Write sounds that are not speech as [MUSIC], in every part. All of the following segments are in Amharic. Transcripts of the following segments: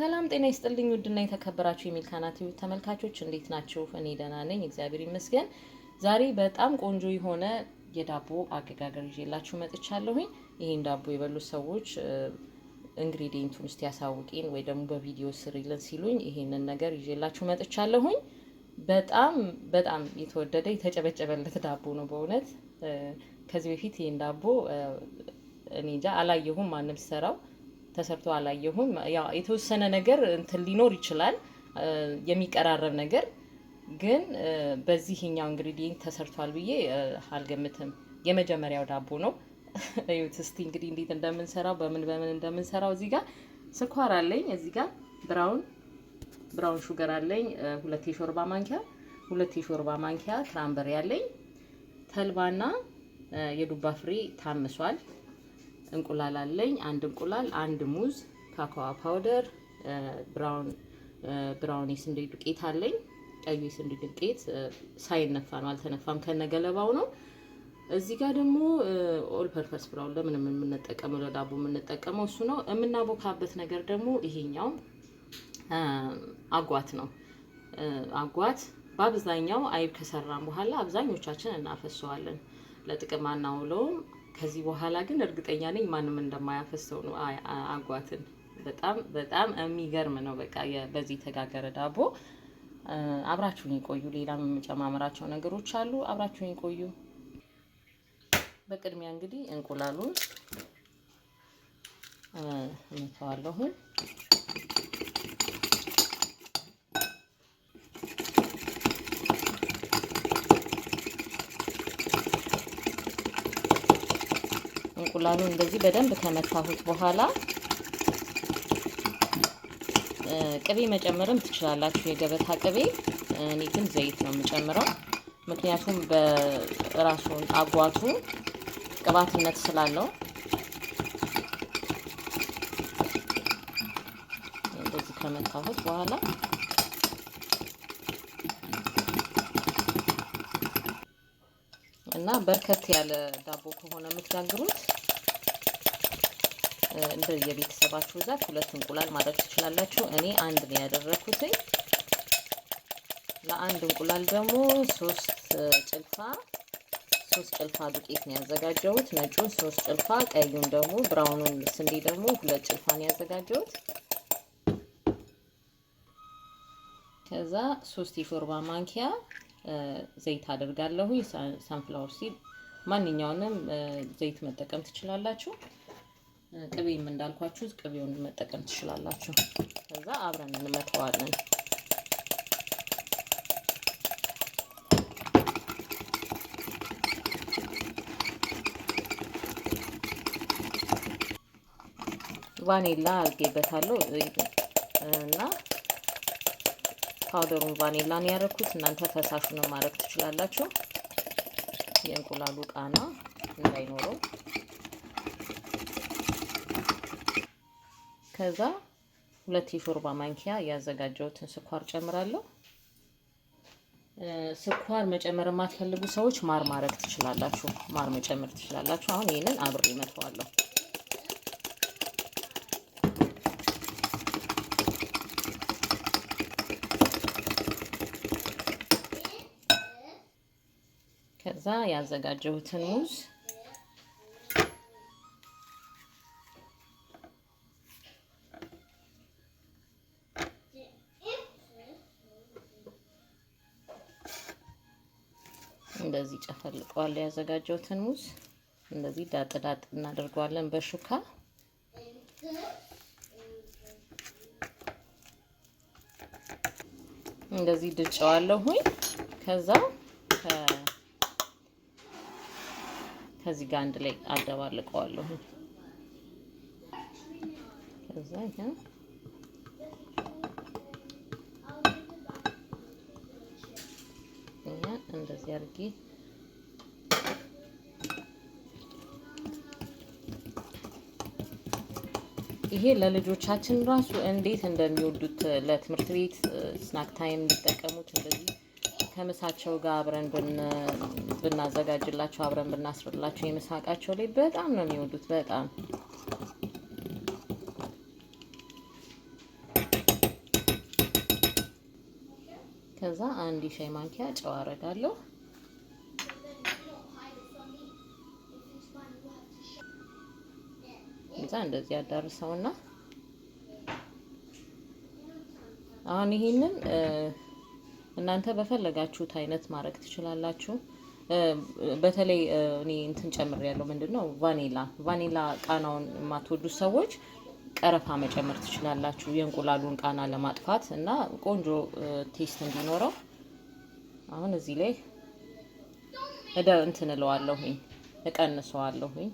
ሰላም ጤና ይስጥልኝ ውድና የተከበራችሁ የሚል ካናት ዩ ተመልካቾች እንዴት ናችሁ? እኔ ደህና ነኝ፣ እግዚአብሔር ይመስገን። ዛሬ በጣም ቆንጆ የሆነ የዳቦ አገጋገር ይዤላችሁ መጥቻለሁኝ። ይህን ዳቦ የበሉ ሰዎች ኢንግሪዲየንቱን እስቲ ያሳውቂን ወይ ደግሞ በቪዲዮ ስሪልን ሲሉኝ ይህንን ነገር ይዤላችሁ መጥቻለሁኝ። በጣም በጣም የተወደደ የተጨበጨበለት ዳቦ ነው በእውነት ከዚህ በፊት ይህን ዳቦ እኔ እንጃ አላየሁም ማንም ሲሰራው ተሰርቶ አላየሁም። ያው የተወሰነ ነገር እንትን ሊኖር ይችላል የሚቀራረብ ነገር ግን በዚህኛው እንግዲህ ተሰርቷል ብዬ አልገምትም። የመጀመሪያው ዳቦ ነው። [LAUGHS] እዩት እስቲ እንግዲህ እንዴት እንደምንሰራው በምን በምን እንደምንሰራው። እዚህ ጋር ስኳር አለኝ። እዚህ ጋር ብራውን ብራውን ሹገር አለኝ ሁለት የሾርባ ማንኪያ ሁለት የሾርባ ማንኪያ ክራምበሪ አለኝ። ተልባና የዱባ ፍሬ ታምሷል። እንቁላል አለኝ። አንድ እንቁላል፣ አንድ ሙዝ፣ ካካዋ ፓውደር፣ ብራውን የስንዴ ዱቄት አለኝ። ቀዩ የስንዴ ዱቄት ሳይነፋ ነው፣ አልተነፋም፣ ከነገለባው ነው። እዚህ ጋር ደግሞ ኦል ፐርፐስ ብራውን ለምንም የምንጠቀመው ለዳቦ የምንጠቀመው እሱ ነው። የምናቦካበት ነገር ደግሞ ይሄኛው አጓት ነው። አጓት በአብዛኛው አይብ ከሰራን በኋላ አብዛኞቻችን እናፈሰዋለን፣ ለጥቅም አናውለውም። ከዚህ በኋላ ግን እርግጠኛ ነኝ ማንም እንደማያፈሰው ነው። አጓትን በጣም በጣም የሚገርም ነው። በቃ በዚህ የተጋገረ ዳቦ አብራችሁን ይቆዩ። ሌላም የምጨማምራቸው ነገሮች አሉ። አብራችሁን ይቆዩ። በቅድሚያ እንግዲህ እንቁላሉን እመታዋለሁ። እንቁላሉ እንደዚህ በደንብ ከመታሁት በኋላ ቅቤ መጨመርም ትችላላችሁ፣ የገበታ ቅቤ። እኔ ግን ዘይት ነው የምጨምረው፣ ምክንያቱም በራሱን አጓቱ ቅባትነት ስላለው። እንደዚህ ከመታሁት በኋላ እና በርከት ያለ ዳቦ ከሆነ የምትጋግሩት እንደ የቤተሰባችሁ ብዛት ሁለት እንቁላል ማድረግ ትችላላችሁ። እኔ አንድ ነው ያደረኩትኝ። ለአንድ እንቁላል ደግሞ ሶስት ጭልፋ ሶስት ጭልፋ ዱቄት ነው ያዘጋጀሁት። ነጩን ሶስት ጭልፋ፣ ቀዩን ደግሞ ብራውኑን ስንዴ ደግሞ ሁለት ጭልፋ ነው ያዘጋጀሁት። ከዛ ሶስት የሾርባ ማንኪያ ዘይት አድርጋለሁ። ሳንፍላወር ሲድ ማንኛውንም ዘይት መጠቀም ትችላላችሁ። ቅቤም እንዳልኳችሁ ቅቤውን መጠቀም ትችላላችሁ። ከዛ አብረን እንመታዋለን። ቫኒላ አድርጌበታለሁ እና ፓውደሩን ቫኒላ ነው ያደረኩት። እናንተ ፈሳሹን ማድረግ ትችላላችሁ። የእንቁላሉ ቃና እንዳይኖረው ከዛ ሁለት የሾርባ ማንኪያ ያዘጋጀሁትን ስኳር ጨምራለሁ። ስኳር መጨመር የማትፈልጉ ሰዎች ማር ማድረግ ትችላላችሁ፣ ማር መጨመር ትችላላችሁ። አሁን ይህንን አብሬ መተዋለሁ። ከዛ ያዘጋጀሁትን ሙዝ እንደዚህ ጨፈልቀዋለሁ። ያዘጋጀሁትን ሙዝ እንደዚህ ዳጥ ዳጥ እናደርገዋለን በሹካ እንደዚህ ድጨዋለሁኝ። ከዛ ከዚህ ጋር አንድ ላይ አደባልቀዋለሁ። ከዛ እንደዚህ አድርጌ ይሄ ለልጆቻችን ራሱ እንዴት እንደሚወዱት ለትምህርት ቤት ስናክ ታይም እንዲጠቀሙት እንደዚህ ከምሳቸው ጋር አብረን ብናዘጋጅላቸው አብረን ብናስርላቸው የምሳቃቸው ላይ በጣም ነው የሚወዱት። በጣም ከዛ አንድ ሻይ ማንኪያ ጨው አረጋለሁ። ይዛ እንደዚህ ያዳርሰውና አሁን ይሄንን እናንተ በፈለጋችሁት አይነት ማድረግ ትችላላችሁ። በተለይ እኔ እንትን ጨምር ያለው ምንድን ነው ቫኒላ ቫኒላ ቃናውን የማትወዱ ሰዎች ቀረፋ መጨመር ትችላላችሁ፣ የእንቁላሉን ቃና ለማጥፋት እና ቆንጆ ቴስት እንዲኖረው። አሁን እዚህ ላይ እደ እንትን እለዋለሁኝ እቀንሰዋለሁኝ።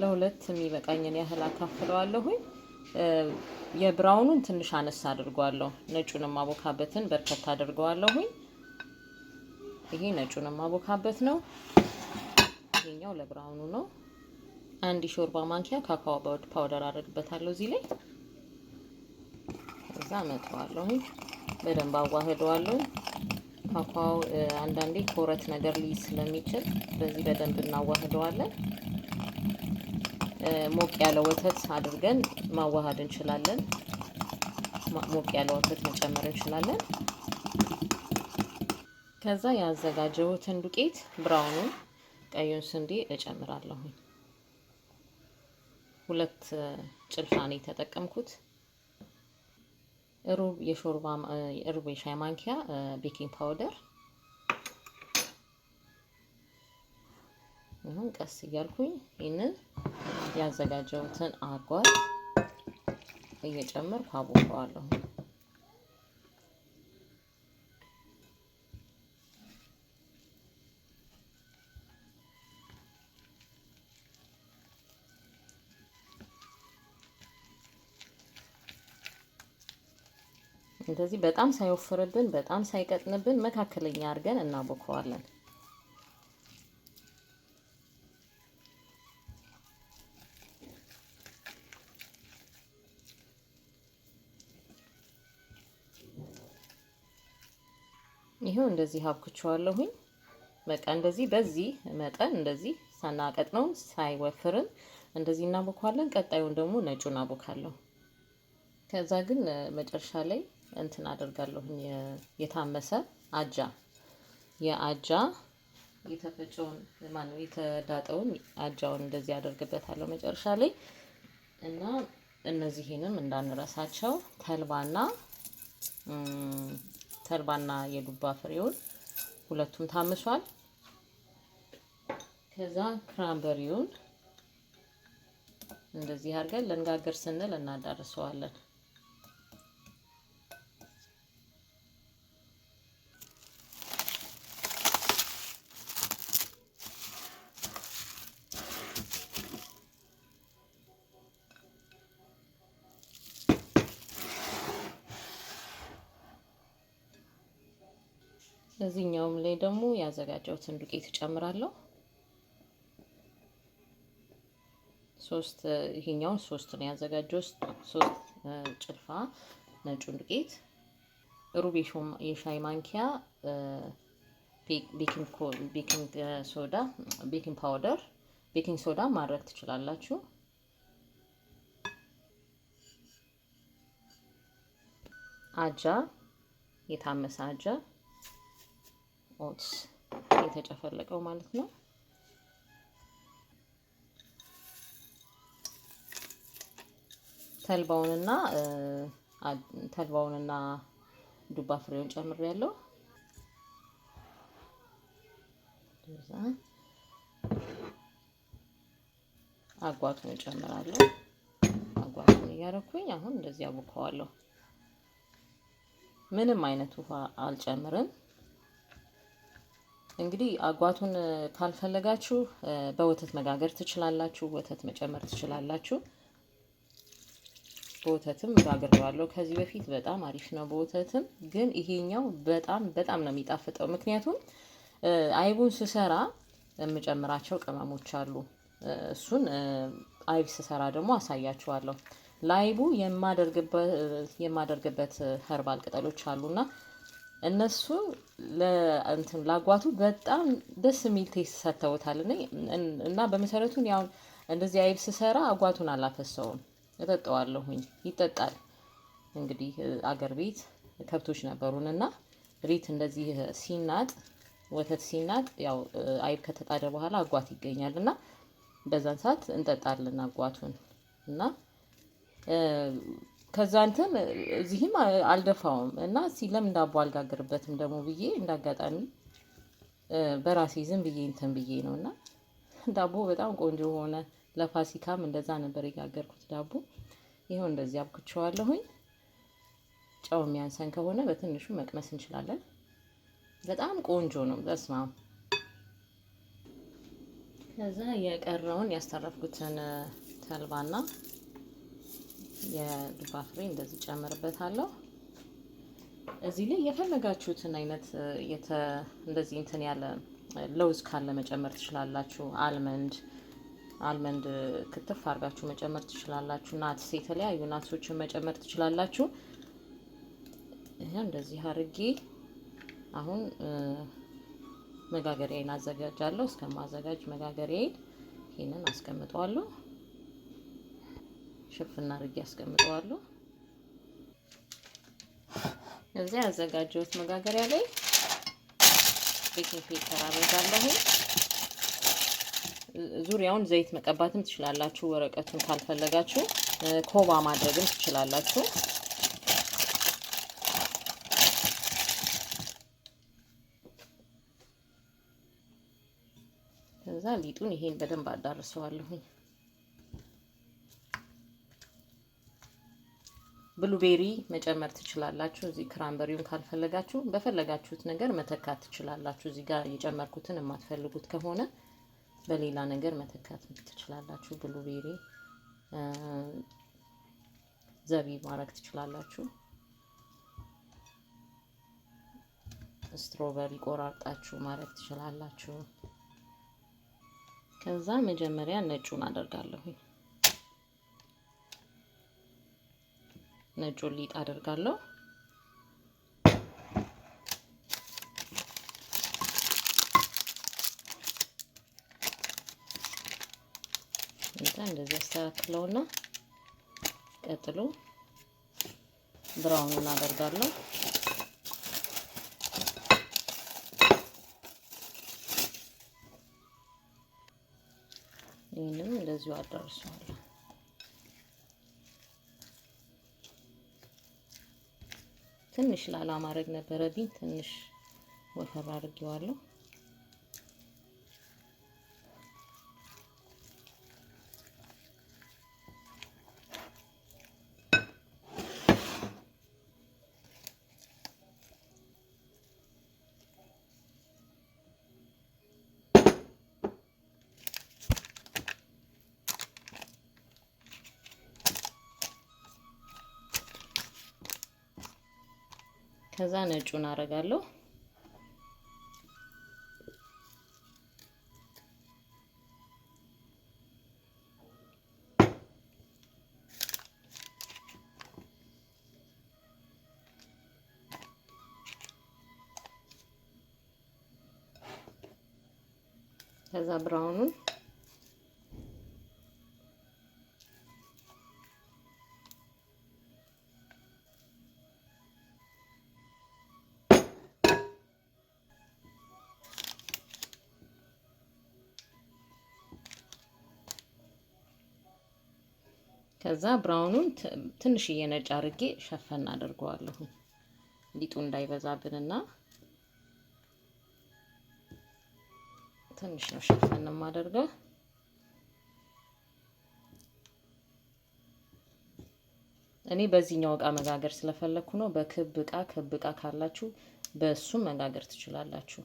ለሁለት የሚበቃኝን ያህል አካፍለዋለሁኝ። የብራውኑን ትንሽ አነስ አድርጓለሁ። ነጩንም አቦካበትን በርከት አድርገዋለሁኝ። ይሄ ነጩንም አቦካበት ነው። ይሄኛው ለብራውኑ ነው። አንድ የሾርባ ማንኪያ ካካዎ ፓውደር አድርግበታለሁ እዚህ ላይ እዛ መጥዋለሁ። በደንብ አዋህደዋለሁ። ካካዎ አንዳንዴ ኮረት ነገር ሊይዝ ስለሚችል በዚህ በደንብ እናዋህደዋለን። ሞቅ ያለ ወተት አድርገን ማዋሃድ እንችላለን። ሞቅ ያለ ወተት መጨመር እንችላለን። ከዛ ያዘጋጀሁትን ዱቄት ብራውኑን፣ ቀዩን ስንዴ እጨምራለሁ። ሁለት ጭልፋ ነው የተጠቀምኩት። ሩብ የሾርባ ሩብ የሻይ ማንኪያ ቤኪንግ ፓውደር አሁን ቀስ እያልኩኝ ይህንን ያዘጋጀሁትን አጓት እየጨመርኩ አቦካዋለሁ። እንደዚህ በጣም ሳይወፍርብን በጣም ሳይቀጥንብን መካከለኛ አድርገን እናቦከዋለን። ይሄው እንደዚህ አብኩቸዋለሁኝ። በቃ እንደዚህ በዚህ መጠን እንደዚህ ሳናቀጥነው ሳይወፍርን እንደዚህ እናቦካለን። ቀጣዩን ደግሞ ነጩ እናቦካለሁ። ከዛ ግን መጨረሻ ላይ እንትን አደርጋለሁኝ የታመሰ አጃ የአጃ የተፈጨውን ማነው የተዳጠውን አጃውን እንደዚህ አደርግበታለሁ መጨረሻ ላይ እና እነዚህንም እንዳንረሳቸው ተልባና ተልባና የዱባ ፍሬውን ሁለቱም ታምሷል። ከዛ ክራምበሪውን እንደዚህ አድርገን ልንጋግር ስንል እናዳርሰዋለን። ላይ ደግሞ ያዘጋጀሁትን ዱቄት እጨምራለሁ። ሶስት ይሄኛውን ሶስት ነው ያዘጋጀሁት፣ ሶስት ጭልፋ ነጩን ዱቄት፣ ሩብ የሻይ ማንኪያ ቤኪንግ ሶዳ ቤኪንግ ፓውደር ቤኪንግ ሶዳ ማድረግ ትችላላችሁ። አጃ የታመሰ አጃ ኦትስ የተጨፈለቀው ማለት ነው። ተልባውንና ተልባውንና ዱባ ፍሬውን ጨምር ያለው አጓቱን እጨምራለሁ። አጓቱን እያደረኩኝ አሁን እንደዚህ አቡከዋለሁ። ምንም አይነት ውሃ አልጨምርም። እንግዲህ አጓቱን ካልፈለጋችሁ በወተት መጋገር ትችላላችሁ። ወተት መጨመር ትችላላችሁ። በወተትም ጋግሬዋለሁ ከዚህ በፊት በጣም አሪፍ ነው። በወተትም ግን ይሄኛው በጣም በጣም ነው የሚጣፍጠው። ምክንያቱም አይቡን ስሰራ የምጨምራቸው ቅመሞች አሉ። እሱን አይብ ስሰራ ደግሞ አሳያችኋለሁ። ለአይቡ የማደርግበት የማደርግበት ኸርባል ቅጠሎች አሉና እነሱ ለእንትን ላጓቱ በጣም ደስ የሚል ቴስት ሰጥተውታል እና በመሰረቱ ያው እንደዚህ አይብ ስሰራ አጓቱን አላፈሰውም፣ እጠጠዋለሁኝ። ይጠጣል እንግዲህ አገር ቤት ከብቶች ነበሩን እና ሪት እንደዚህ ሲናጥ ወተት ሲናጥ ያው አይብ ከተጣደ በኋላ አጓት ይገኛል እና በዛን ሰዓት እንጠጣለን አጓቱን እና ከዛ እንትን እዚህም አልደፋውም እና እስኪ ለምን ዳቦ አልጋግርበትም ደግሞ ብዬ እንዳጋጣሚ በራሴ ዝም ብዬ እንትን ብዬ ነው እና ዳቦ በጣም ቆንጆ ሆነ። ለፋሲካም እንደዛ ነበር የጋገርኩት ዳቦ። ይኸው እንደዚህ አብኩቸዋለሁኝ። ጨው የሚያንሰን ከሆነ በትንሹ መቅመስ እንችላለን። በጣም ቆንጆ ነው። በስማ ከዛ የቀረውን ያስተረፍኩትን ተልባና የዱባ ፍሬ እንደዚህ ጨምርበታለሁ። እዚህ ላይ የፈለጋችሁትን አይነት እንደዚህ እንትን ያለ ለውዝ ካለ መጨመር ትችላላችሁ። አልመንድ አልመንድ ክትፍ አድርጋችሁ መጨመር ትችላላችሁ። ናትስ፣ የተለያዩ ናትሶችን መጨመር ትችላላችሁ። ይህ እንደዚህ አድርጌ አሁን መጋገሪያዬን አዘጋጃለሁ። እስከማዘጋጅ መጋገሪያዬን ይህንን አስቀምጠዋለሁ። ሽፍና አድርጌ አስቀምጠዋለሁ። እዚህ ያዘጋጀሁት መጋገሪያ ላይ ቤኪንግ ፔፐር አደርጋለሁ። ዙሪያውን ዘይት መቀባትም ትችላላችሁ፣ ወረቀቱን ካልፈለጋችሁ ኮባ ማድረግም ትችላላችሁ። ከዛ ሊጡን ይሄን በደንብ አዳርሰዋለሁኝ። ብሉቤሪ መጨመር ትችላላችሁ። እዚህ ክራንበሪውን ካልፈለጋችሁ በፈለጋችሁት ነገር መተካት ትችላላችሁ። እዚህ ጋር የጨመርኩትን የማትፈልጉት ከሆነ በሌላ ነገር መተካት ትችላላችሁ። ብሉቤሪ ዘቢ ማድረግ ትችላላችሁ። ስትሮበሪ ቆራርጣችሁ ማድረግ ትችላላችሁ። ከዛ መጀመሪያ ነጩን አደርጋለሁ። ነጩ ሊጥ አደርጋለሁ። ዛ እንደዚህ አስተካክለውና ቀጥሎ ብራውኑን አደርጋለሁ። ይህንም እንደዚሁ አዳርሰዋለሁ። ትንሽ ላላ ማድረግ ነበረብኝ። ትንሽ ወፈር አድርጌዋለሁ። ከዛ ነጩን አረጋለሁ። ከዛ ብራውኑን ከዛ ብራውኑን ትንሽዬ ነጭ አድርጌ ሸፈን አድርገዋለሁ ሊጡ እንዳይበዛብንና ትንሽ ነው ሸፈን የማደርገው። እኔ በዚህኛው እቃ መጋገር ስለፈለግኩ ነው። በክብ እቃ ክብ እቃ ካላችሁ በእሱም መጋገር ትችላላችሁ።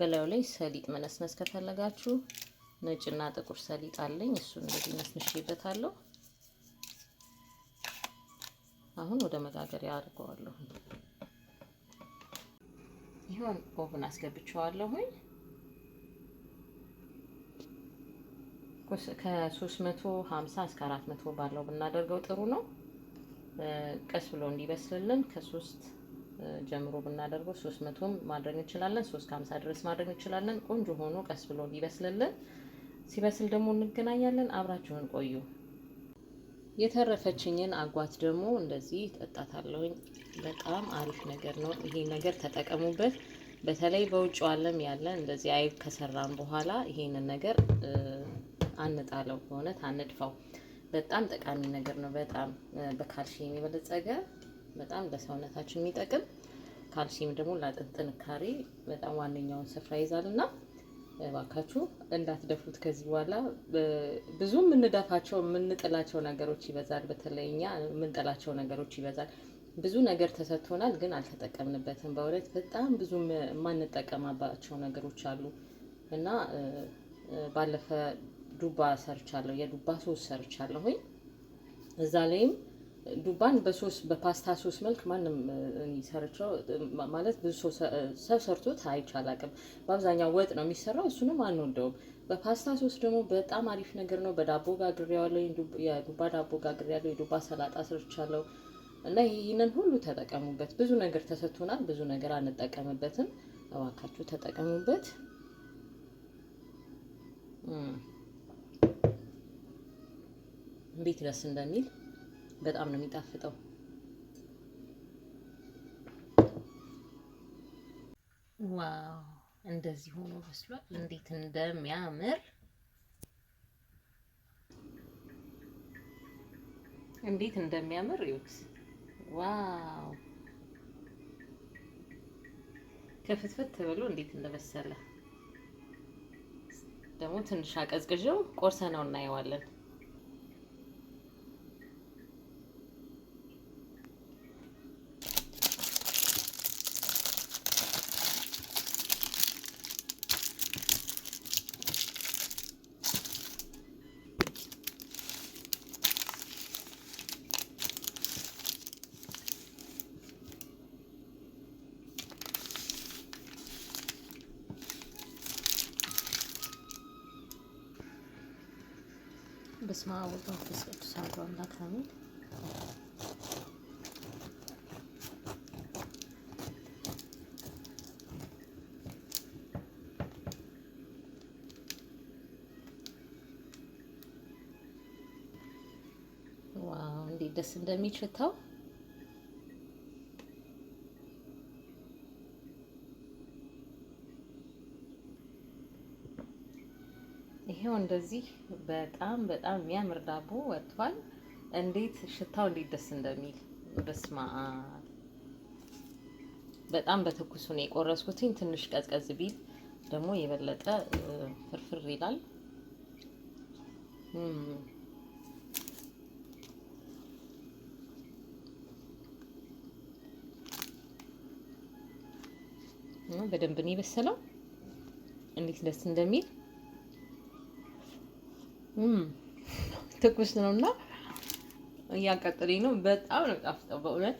በላዩ ላይ ሰሊጥ መነስነስ ከፈለጋችሁ ነጭና ጥቁር ሰሊጥ አለኝ። እሱን እንደዚህ ነስንሼበታለሁ። አሁን ወደ መጋገሪያ አድርገዋለሁ። ይሁን ኦቭን አስገብቼዋለሁኝ ከ350 እስከ 400 ባለው ብናደርገው ጥሩ ነው። ቀስ ብሎ እንዲበስልልን ከሶስት ጀምሮ ብናደርገው ሶስት መቶም ማድረግ እንችላለን። ሶስት ከሀምሳ ድረስ ማድረግ እንችላለን። ቆንጆ ሆኖ ቀስ ብሎ ይበስልልን ሲበስል ደግሞ እንገናኛለን። አብራችሁን ቆዩ። የተረፈችኝን አጓት ደግሞ እንደዚህ ጠጣታለሁኝ። በጣም አሪፍ ነገር ነው። ይሄ ነገር ተጠቀሙበት። በተለይ በውጭ ዓለም ያለ እንደዚህ አይብ ከሰራን በኋላ ይሄንን ነገር አንጣለው፣ በእውነት አንድፋው። በጣም ጠቃሚ ነገር ነው። በጣም በካልሽ የሚበለጸገ በጣም ለሰውነታችን የሚጠቅም ካልሲየም ደግሞ ለአጥንት ጥንካሬ በጣም ዋነኛውን ስፍራ ይዛል እና እባካችሁ እንዳትደፉት። ከዚህ በኋላ ብዙ የምንደፋቸው የምንጥላቸው ነገሮች ይበዛል። በተለይ እኛ የምንጥላቸው ነገሮች ይበዛል። ብዙ ነገር ተሰጥቶናል፣ ግን አልተጠቀምንበትም። በእውነት በጣም ብዙ የማንጠቀማባቸው ነገሮች አሉ እና ባለፈ ዱባ ሰርቻለሁ፣ የዱባ ሶስት ሰርቻለሁኝ እዛ ላይም ዱባን በሶስ በፓስታ ሶስ መልክ ማንም ሰርቸው ማለት ብዙ ሰው ሰርቶት አይቻላቅም። በአብዛኛው ወጥ ነው የሚሰራው፣ እሱንም አንወደውም። በፓስታ ሶስ ደግሞ በጣም አሪፍ ነገር ነው። በዳቦ ጋግሬያለሁ፣ የዱባ ዳቦ ጋግሬያለሁ፣ የዱባ ሰላጣ ሰርቻለሁ እና ይህንን ሁሉ ተጠቀሙበት። ብዙ ነገር ተሰጥቶናል፣ ብዙ ነገር አንጠቀምበትም። እባካችሁ ተጠቀሙበት። እንዴት ደስ እንደሚል በጣም ነው የሚጣፍጠው። ዋው እንደዚህ ሆኖ በስሏል። እንዴት እንደሚያምር እንዴት እንደሚያምር ይውክስ ዋው ከፍትፍት ብሎ እንዴት እንደበሰለ ደግሞ ትንሽ አቀዝቅዤው ቆርሰነው እናየዋለን። በስመ አብ ወወልድ ወመንፈስ ቅዱስ አሐዱ አምላክ አሜን። ዋው እንዴት ደስ እንደሚችታው ይሄው እንደዚህ በጣም በጣም የሚያምር ዳቦ ወጥቷል። እንዴት ሽታው እንዴት ደስ እንደሚል በስማ በጣም በትኩሱ ነው የቆረስኩትኝ። ትንሽ ቀዝቀዝ ቢል ደግሞ የበለጠ ፍርፍር ይላል። በደንብ ነው የበሰለው። እንዴት ደስ እንደሚል ትኩስ ነው እና እያቃጠለኝ ነው። በጣም ነው ጣፍጠው በእውነት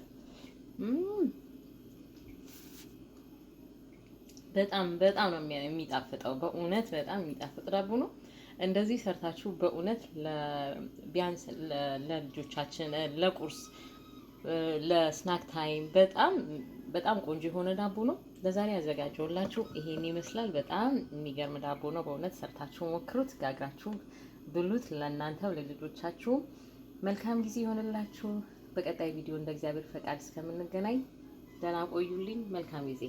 በጣም በጣም ነው የሚጣፍጠው። በእውነት በጣም የሚጣፍጥ ዳቦ ነው። እንደዚህ ሰርታችሁ በእውነት ቢያንስ ለልጆቻችን ለቁርስ፣ ለስናክ ታይም በጣም በጣም ቆንጆ የሆነ ዳቦ ነው። ለዛሬ ያዘጋጀውላችሁ ይሄን ይመስላል። በጣም የሚገርም ዳቦ ነው። በእውነት ሰርታችሁ ሞክሩት፣ ጋግራችሁ ብሉት። ለእናንተም ለልጆቻችሁ መልካም ጊዜ ይሆንላችሁ። በቀጣይ ቪዲዮ እንደ እግዚአብሔር ፈቃድ እስከምንገናኝ ደህና ቆዩልኝ። መልካም ጊዜ